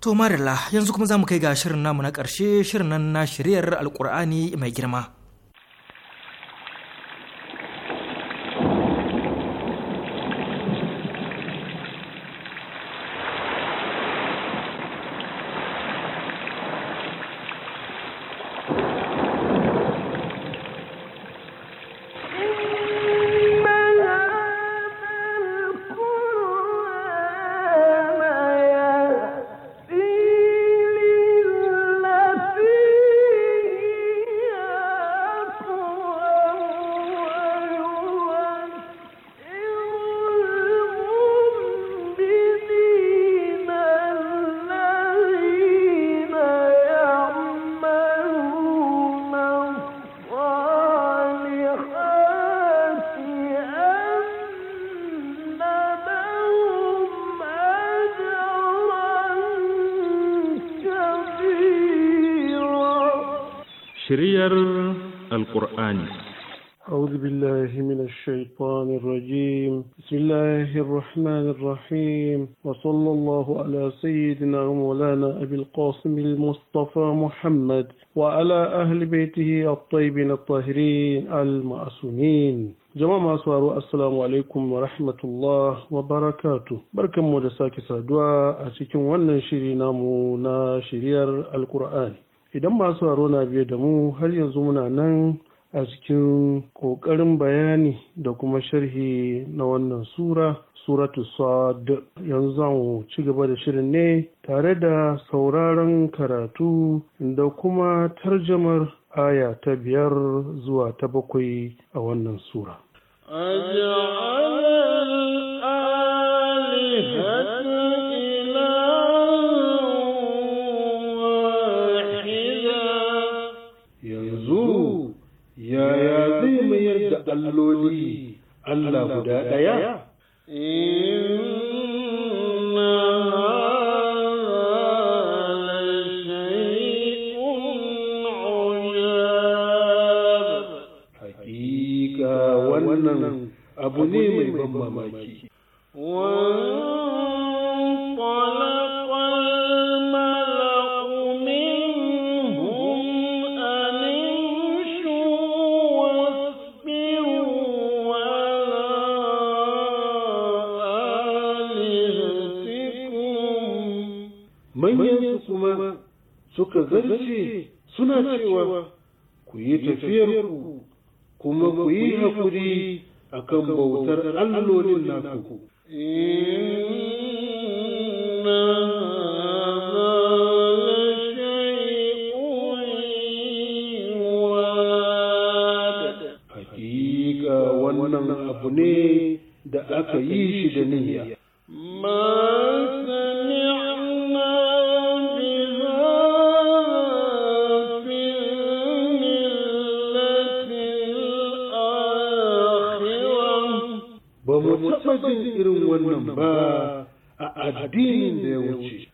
To marilla yanzu kuma zamu kai ga shirin namu na ƙarshe shirin nan na shiryar alkur'ani mai girma. القاسم المصطفى محمد وعلى أهل بيته الطيبين الطاهرين المعصومين jama'a masu sauraro assalamu alaikum wa rahmatullah wa barakatu barkanmu da sake saduwa a cikin wannan shiri namu na shiriyar alkur'ani idan masu sauraro na biye da mu har yanzu muna nan a cikin ƙoƙarin bayani da kuma sharhi na wannan sura suratu sad yanzu zan ci gaba da shirin ne tare da sauraron karatu da kuma tarjamar aya ta biyar zuwa ta bakwai a wannan sura Yanzu yaya zai mayar da alloli Allah guda ɗaya? Hakika wannan abu ne mai ban suka zarce suna cewa ku yi tafiyarku kuma ku yi haƙuri a kan bautar allolin naku. Hakika wannan abu ne da aka yi shi da niyya. irin wannan ba a addinin da ya wuce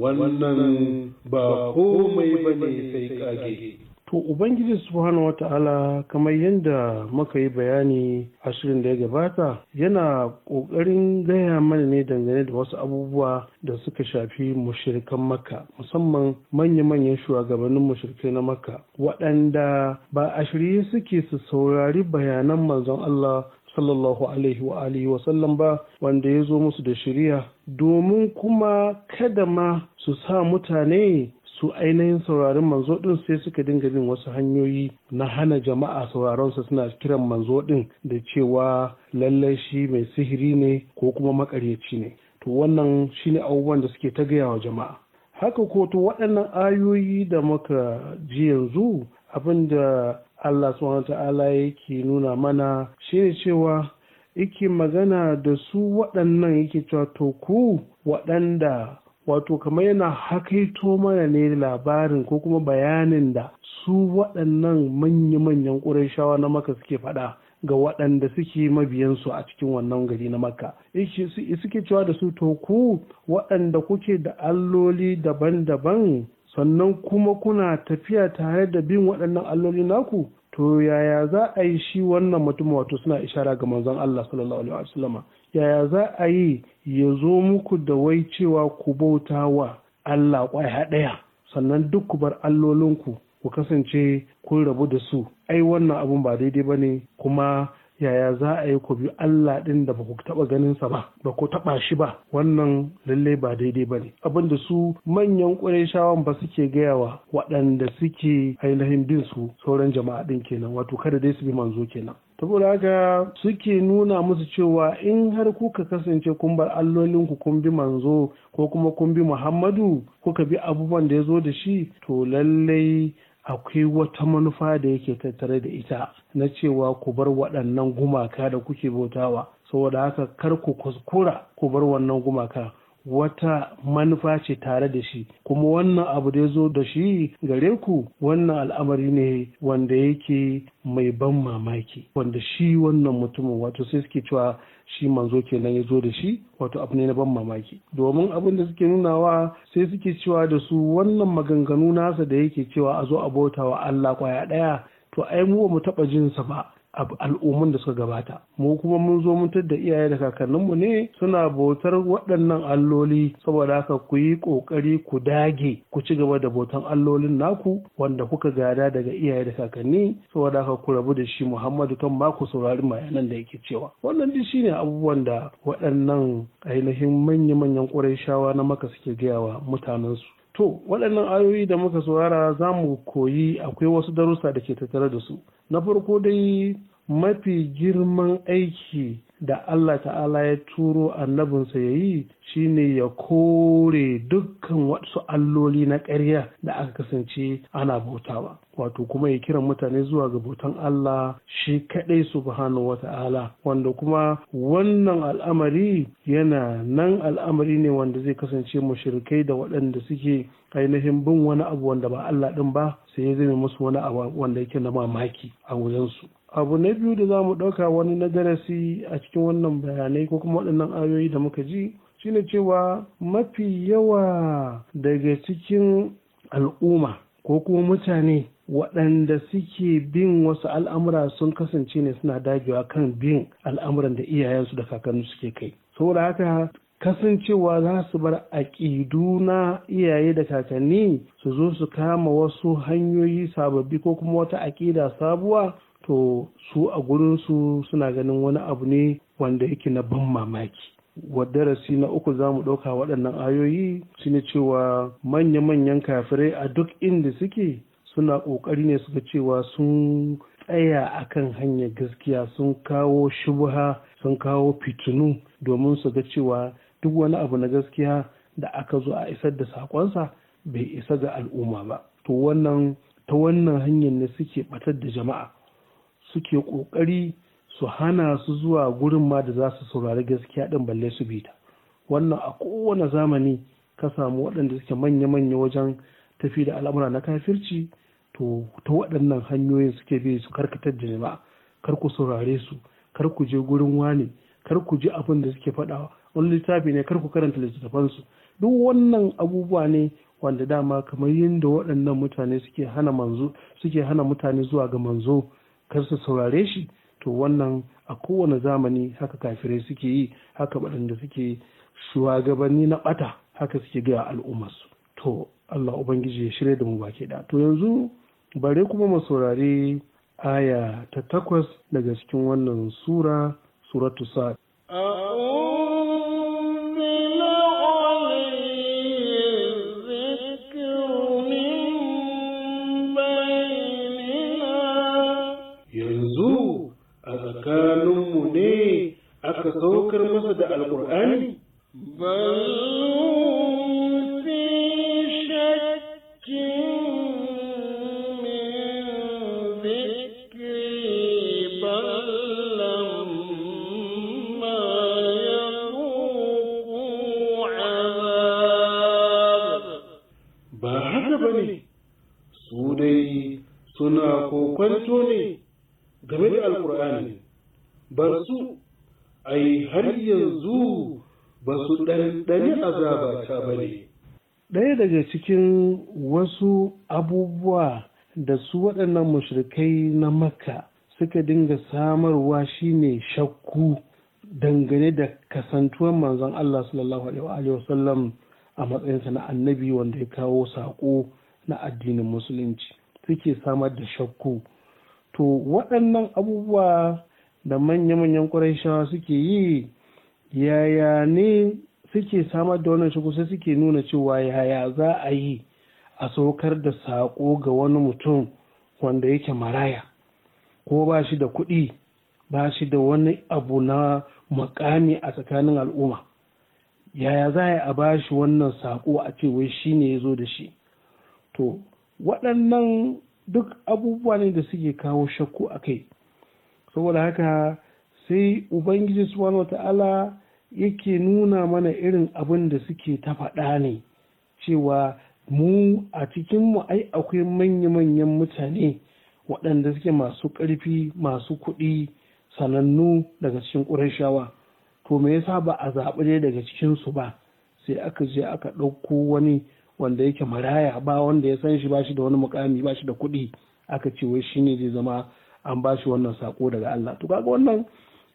wannan ba komai ba ne sai kage To Ubangiji Subhanahu wa ta'ala kamar yadda muka yi bayani a shirin da ya gabata yana ƙoƙarin gaya mana ne dangane da wasu abubuwa da suka shafi mushirkan Makka musamman manya-manyan shugabannin mushirkai na Makka waɗanda ba a shirye suke su saurari bayanan manzon Allah sallallahu alaihi wa alihi wa ba wanda ya zo musu da shirya, domin kuma kada ma su sa mutane su ainihin saurarin manzo din sai suka dinga bin wasu hanyoyi na hana jama'a sauraron sa suna kiran manzo din da cewa lallai shi mai sihiri ne ko kuma makaryaci ne to wannan shine abubuwan da suke ta gaya wa jama'a haka ko to waɗannan ayoyi da muka ji yanzu abinda Allah subhanahu ta'ala yake nuna mana shine cewa yake magana da su waɗannan yake cewa to ku waɗanda wato kamar yana hakaito mana ne labarin ko kuma bayanin da su waɗannan manya-manyan ƙurashawa na maka suke faɗa ga waɗanda suke mabiyansu a cikin wannan gari na makka eh, suke cewa da su to ku waɗanda kuke da alloli daban-daban sannan kuma kuna tafiya tare da bin waɗannan alloli naku to yaya za a yi shi wannan mutum wato suna ishara ga manzon Allah sallallahu alaihi yaya za a yi ya zo muku da wai cewa ku bauta wa Allah ƙwaya ɗaya sannan duk ku bar allolinku ku kasance kun rabu da su ai wannan abun ba daidai ba ne kuma yaya za a yi ku bi Allah ɗin da ba ku taɓa sa ba ba ku taɓa shi ba wannan lallai ba daidai ba ne abinda su manyan ƙurayshawan ba suke gaya wa waɗanda suke ainihin bin su sauran jama'a ɗin kenan wato kada dai su bi manzo kenan saboda haka suke nuna musu cewa in har kuka kasance kun bar allolinku kun bi manzo ko kuma kun bi muhammadu kuka bi abubuwan da ya zo da shi to lallai akwai wata manufa da yake tattare da ita na cewa ku bar waɗannan gumaka da kuke bautawa saboda haka kar ku kuskura ku bar wannan gumaka wata manufa ce tare da shi kuma wannan abu da ya zo da shi gare ku wannan al'amari ne wanda yake mai ban mamaki wanda shi wannan mutumin wato sai suke cewa shi manzo kenan ya zo da shi wato abu ne na ban mamaki domin abin da suke nunawa sai suke cewa da su wannan maganganu nasa da yake cewa a zo a bautawa Allah kwaya ɗaya to ai mu ba mu taɓa jin sa ba al'ummun da suka gabata mu kuma mun zo mun da iyaye da kakanninmu ne suna bautar waɗannan alloli saboda haka ku yi ƙoƙari ku dage ku ci gaba da bautan allolin naku wanda kuka gada daga iyaye da kakanni saboda haka ku rabu da shi muhammadu kan maku ku saurari mayanan da yake cewa wannan duk shine abubuwan da waɗannan ainihin manya-manyan ƙwarai shawa na maka suke gaya wa mutanensu To, waɗannan ayoyi da muka saurara za mu koyi akwai wasu darussa da ke tattare da su. Na farko dai mafi girman aiki da Allah ta'ala ya turo annabinsa ya yi shine ya kore dukkan wasu alloli na ƙarya da aka kasance ana bautawa wato kuma ya kiran mutane zuwa ga bautan Allah shi kaɗai subhanahu ta'ala wanda kuma wannan al'amari yana nan al'amari ne wanda zai kasance mashirkai da waɗanda suke ainihin bin wani abu wanda ba Allah ɗin ba sai ya zame musu wani abu wanda yake na mamaki a wajensu abu na biyu da za mu ɗauka wani na darasi a cikin wannan bayanai ko kuma waɗannan ayoyi da muka ji shine cewa mafi yawa daga cikin al'umma ko kuma mutane waɗanda suke bin wasu al'amura sun kasance ne suna dagewa kan bin al'amuran da iyayensu da kakanni suke kai saboda haka kasancewa za su bar aƙidu na iyaye da kakanni su zo su kama wasu hanyoyi sababbi ko kuma wata aƙida sabuwa to su a gurinsu suna ganin wani abu ne wanda yake na ban mamaki darasi na uku za mu ɗauka waɗannan ayoyi ne cewa manya-manyan kafirai a duk inda suke suna ƙoƙari ne suka cewa sun tsaya a kan hanyar gaskiya sun kawo shubha sun kawo fitinu domin su ga cewa duk wani abu na gaskiya da aka zo a isar da saƙonsa bai isa ga al'umma ba to wannan ta wannan hanyar ne suke batar da jama'a suke ƙoƙari su hana su zuwa gurin ma da za su saurari gaskiya ɗin balle su bi ta wannan a kowane zamani ka samu waɗanda suke manya-manya wajen tafi da al'amura na kafirci to ta waɗannan hanyoyin suke bi su karkatar da jama'a kar ku saurare su kar ku je gurin wani kar ku je abin da suke faɗawa wani littafi ne kar ku karanta su, duk wannan abubuwa ne wanda dama kamar yinda waɗannan mutane suke hana manzo suke hana mutane zuwa ga manzo kar su saurare shi to wannan a kowane zamani haka kafirai suke yi haka waɗanda suke shuwagabanni na ɓata haka suke gaya al'ummarsu to Allah Ubangiji ya shirya da mu baki da to yanzu bare kuma mu saurare aya ta takwas daga cikin wannan sura suratu sa'ad ne aka saukar masa da suna kokwanto ne daga cikin wasu abubuwa da su waɗannan mushrikai na makka suka dinga samarwa shine shakku dangane da kasantuwar manzon Allah sallallahu alaihi wasallam a matsayinsa na annabi wanda ya kawo saƙo na addinin musulunci suke samar da shakku to waɗannan abubuwa da manya-manyan ƙwarai suke yi yaya ne suke samar da wannan shigo sai suke nuna cewa yaya za a yi a saukar da sako ga wani mutum wanda yake maraya ko ba shi da kuɗi ba shi da wani abu na makami a tsakanin al'umma yaya za a yi a ba shi wannan saƙo a ce wai shi ne ya zo da shi to waɗannan duk abubuwa ne da suke kawo shakku a kai saboda haka sai ubangiji subhanahu wata'ala yake nuna mana irin abin da suke ta faɗa ne cewa mu a cikinmu ai akwai manya-manyan mutane waɗanda suke masu ƙarfi masu kuɗi sanannu daga cikin ƙurashawa to me yasa ba a zaɓi dai daga cikinsu ba sai aka je aka ɗauko wani wanda yake maraya ba wanda ya san shi ba shi da wani mukami ba shi da kuɗi aka ce wai shine zai zama an ba shi wannan sako daga Allah to kaga wannan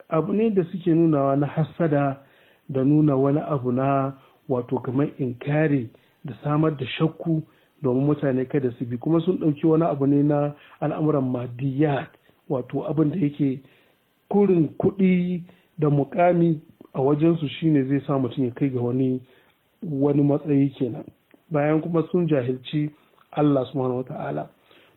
abu ne da suke nunawa na hassada da nuna wani abu na wato kamar inkari da samar da shakku domin mutane kada su bi kuma sun ɗauki wani abu ne na al'amuran madiyat wato abin da yake kurin kuɗi da mukami a wajensu shine zai sa mutum ya kai ga wani wani matsayi kenan bayan kuma sun jahilci Allah subhanahu wata'ala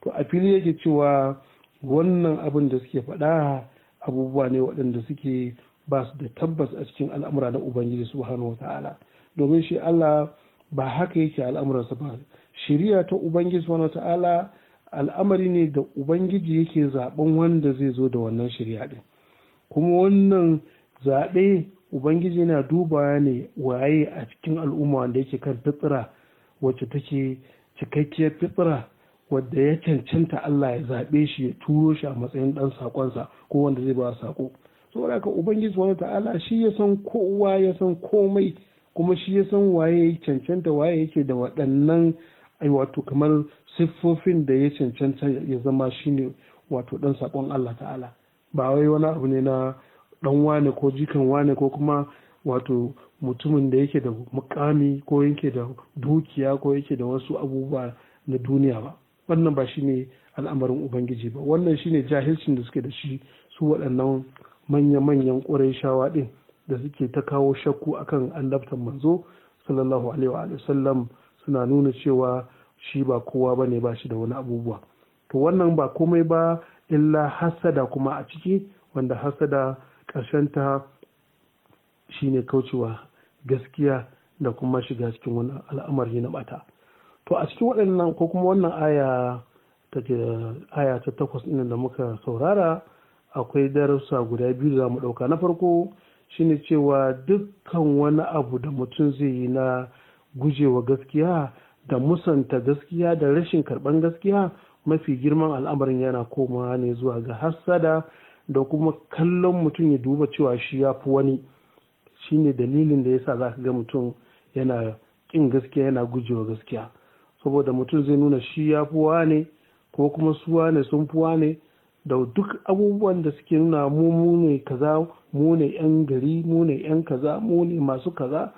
to a fili yake cewa wannan abin da suke faɗa abubuwa ne waɗanda suke ba su da tabbas a cikin al'amura na ubangiji subhanahu wata'ala domin shi Allah ba haka yake al'amuransa ba Shirya ta ubangiji subhanahu wata'ala al'amari ne da ubangiji yake zaben wanda zai zo da wannan shiriya ɗin, kuma wannan zaɓe ubangiji yana duba ne waye a cikin al'umma wanda yake kan fitsira wacce take cikakkiyar fitsira wadda ya cancanta Allah ya zaɓe shi ya turo shi a matsayin ɗan saƙonsa ko wanda zai ba saƙo saboda ka ubangiji subhanahu ta'ala shi ya san kowa ya san komai kuma shi ya san waye ya cancanta waye yake da waɗannan wato kamar siffofin da ya cancanta ya zama shine wato dan sakon Allah ta'ala ba wai wani abu ne na dan wane ko jikan wane ko kuma wato mutumin da yake da mukami ko yake da dukiya ko yake da wasu abubuwa na duniya ba wannan ba shine al'amarin ubangiji ba wannan shine jahilcin da suke da shi su waɗannan manya-manyan ƙurayshawa ɗin da suke ta kawo shakku akan annabtan manzo sallallahu alaihi wa sallam suna nuna cewa shi ba kowa ba ne ba shi da wani abubuwa to wannan ba komai ba illa hasada kuma a ciki wanda hasada ƙarshenta shine kaucewa gaskiya da kuma shiga cikin wani al'amari na bata to a cikin waɗannan ko kuma wannan aya ta aya ta takwas ɗin da muka saurara akwai darussa guda biyu za mu ɗauka na farko shine cewa dukkan wani abu da mutum zai yi na gujewa gaskiya da musanta gaskiya da rashin karɓan gaskiya mafi girman al'amarin yana koma ne zuwa ga hassada da kuma kallon mutum ya duba cewa shi ya fi wani shine dalilin da yasa za ka ga mutum yana ƙin gaskiya yana gujewa gaskiya saboda mutum zai nuna shi ya fi ne ko kuma su ne sun fi ne. da duk abubuwan da suke nuna mu mu ne kaza mu ne yan gari mu ne yan kaza mu ne masu kaza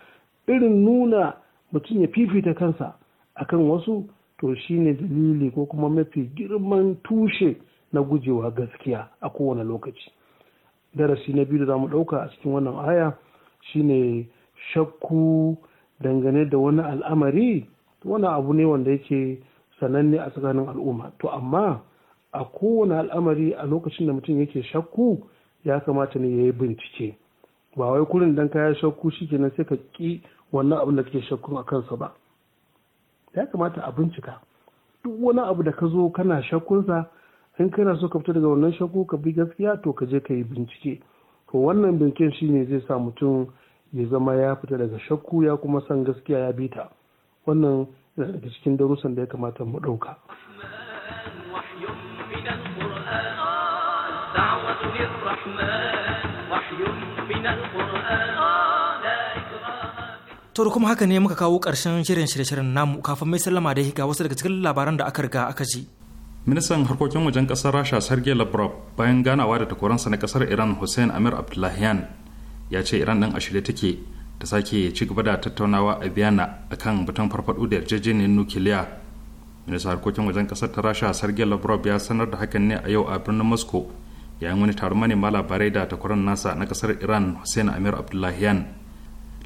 irin nuna mutum ya fifita kansa akan wasu to shine dalili ko kuma mafi girman tushe na gujewa gaskiya a kowane lokaci darasi na biyu da zamu ɗauka a cikin wannan aya shine shakku dangane da wani al'amari wani abu ne wanda yake sananne a tsakanin al'umma to amma a kowane al'amari a lokacin da mutum yake shakku ya kamata ne ya yi bincike ba wai kurin dan ya shakku shikenan sai ka ki wannan abin da kake shakku a kansa ba ya kamata a bincika duk wani abu da ka zo kana shakkunsa in kana so ka fita daga wannan shakku ka bi gaskiya to ka je ka yi bincike to wannan binciken ne zai sa mutum ya zama ya fita daga shakku ya kuma san gaskiya ya bi ta wannan yana daga cikin darussan da ya kamata mu ɗauka. To kuma haka ne muka kawo ƙarshen shirin shirye-shiryen namu kafin mai sallama da ga wasu daga cikin labaran da aka riga aka ji. Ministan harkokin wajen kasar Rasha Sergei Lavrov bayan ganawa da takwaransa na kasar Iran Hussein Amir Abdullahian ya ce Iran ɗin a shirye take ta sake ci gaba da tattaunawa a Vienna akan batun farfaɗo da yarjejeniyar nukiliya. Ministan harkokin wajen kasar ta Rasha Sergei Lavrov ya sanar da hakan ne a yau a birnin Moscow yayin wani taron manema labarai da takwaran nasa na kasar iran hussein amir abdullahian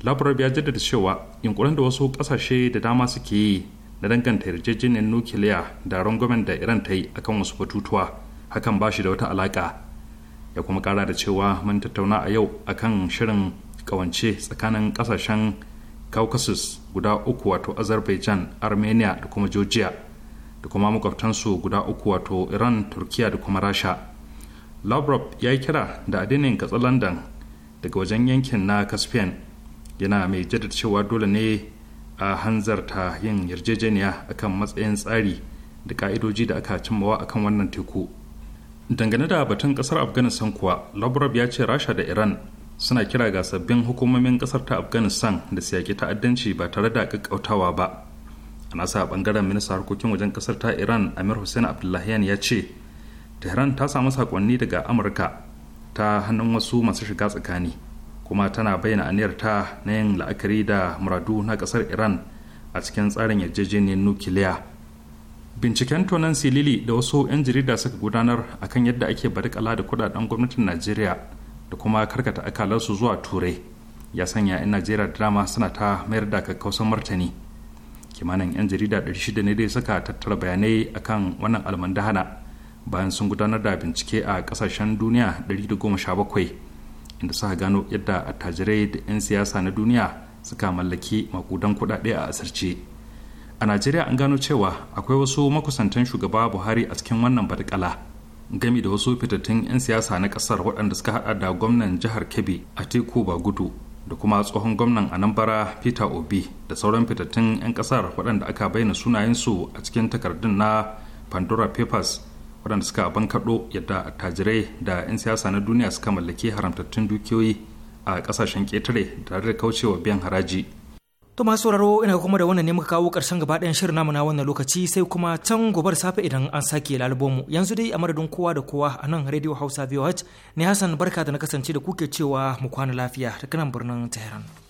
labarar ya jaddada cewa yunkurin da wasu kasashe da dama suke yi na danganta yarjejeniyar nukiliya da rangwamen da iran ta yi akan wasu batutuwa hakan ba shi da wata alaka ya kuma kara da cewa mun tattauna a yau akan shirin kawance tsakanin kasashen caucasus guda uku wato azerbaijan armenia da kuma georgia da kuma makwabtansu guda uku wato iran turkiya da kuma rasha lavrov ya yi kira da adinin katsalandan daga wajen yankin na caspian yana mai jaddada cewa dole ne a hanzarta yin yarjejeniya akan matsayin tsari da ka'idoji da aka cimmawa akan wannan teku dangane da batun kasar afghanistan kuwa lavrov ya ce rasha da iran suna kira ga sabbin hukumomin kasar ta afghanistan da su yaki ta'addanci ba tare da kakkautawa ba a nasa bangaren ministan harkokin wajen kasar ta iran amir hussein abdullahian ya ce tehran ta samu sakonni daga amurka ta hannun wasu masu shiga tsakani kuma tana bayyana aniyar ta na yin la'akari da muradu na ƙasar iran a cikin tsarin yarjejeniyar nukiliya binciken tonan silili da wasu 'yan jarida suka gudanar akan yadda ake barikala da kudaden gwamnatin najeriya da kuma karkata akalarsu zuwa turai ya sanya 'yan najeriya drama suna ta mayar da kakkausan martani kimanin 'yan jarida 600 ne dai suka tattara bayanai akan wannan almandahana bayan sun gudanar da bincike a kasashen duniya 117 inda suka gano yadda attajirai da 'yan siyasa na duniya suka mallaki makudan kudade a asirce a najeriya an gano cewa akwai wasu makusantan shugaba buhari a cikin wannan batakala gami da wasu fitattun 'yan siyasa na kasar waɗanda suka hada da gwamnan jihar kebbi a teku gudu da kuma tsohon gwamnan anambra peter obi da sauran fitattun 'yan kasar waɗanda aka bayyana sunayensu a cikin takardun na pandora papers waɗanda suka kaɗo yadda attajirai da 'yan siyasa na duniya suka mallaki haramtattun dukiyoyi a ƙasashen ƙetare tare da kaucewa biyan haraji to masu sauraro ina kuma da wannan ne muka kawo ƙarshen gaba ɗayan shirin namu na wannan lokaci sai kuma can gobe da safe idan an sake lalubomu yanzu dai a madadin kowa da kowa a nan radio hausa voh ne hassan barka da na kasance da kuke cewa mu kwana lafiya daga nan birnin tehran